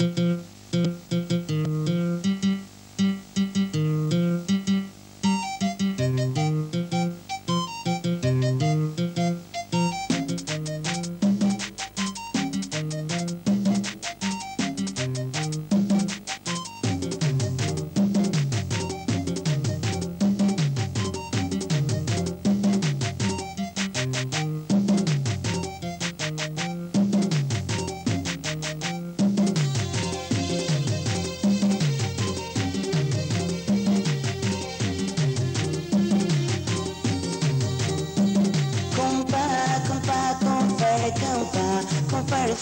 Mm-hmm.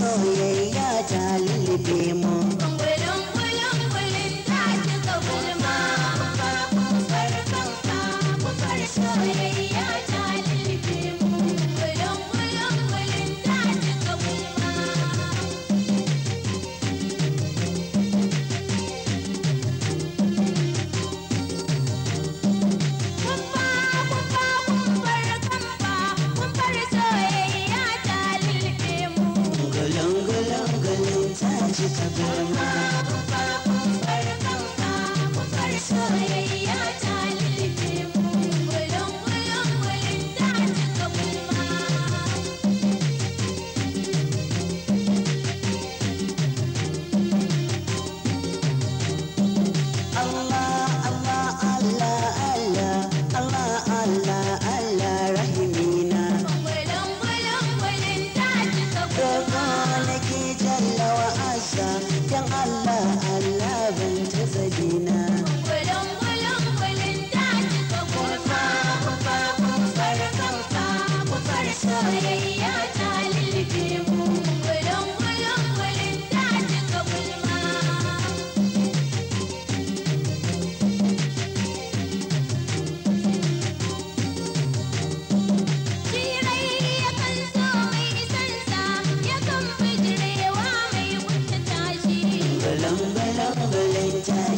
या चाली दे मो Allah Allah ban ta sadina gwalan gwalan gwalan da kika kofa kofa kofar kanka kofar soyayya ta lullubewa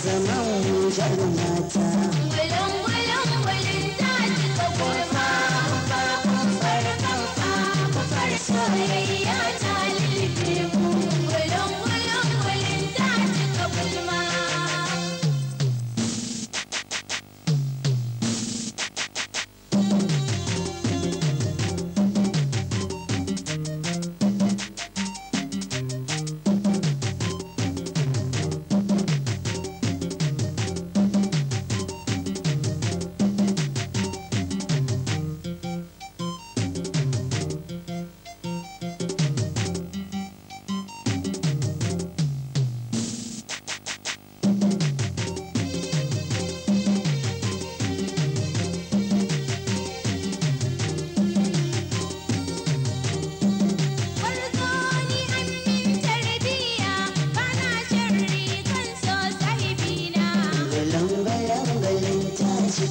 Zama zaman jarumata.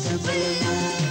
you.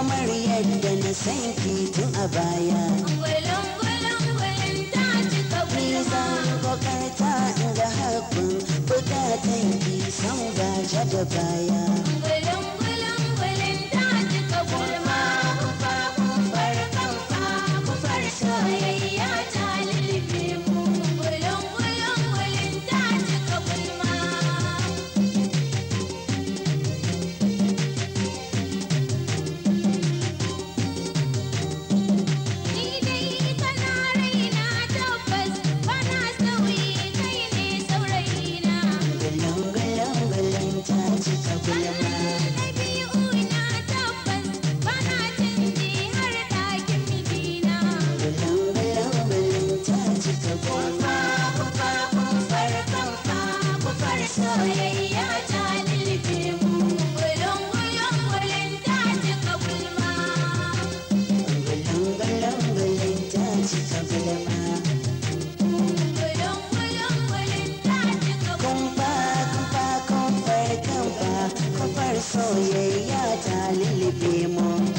kamar yadda na san ki tun a baya. Kwalon-kwalon-kwalon ta ci ka kwanza, ko ta inda haƙun ko ta tanki san gaja da baya. పోయేయ్యా చాలిల్లి ప్రేమో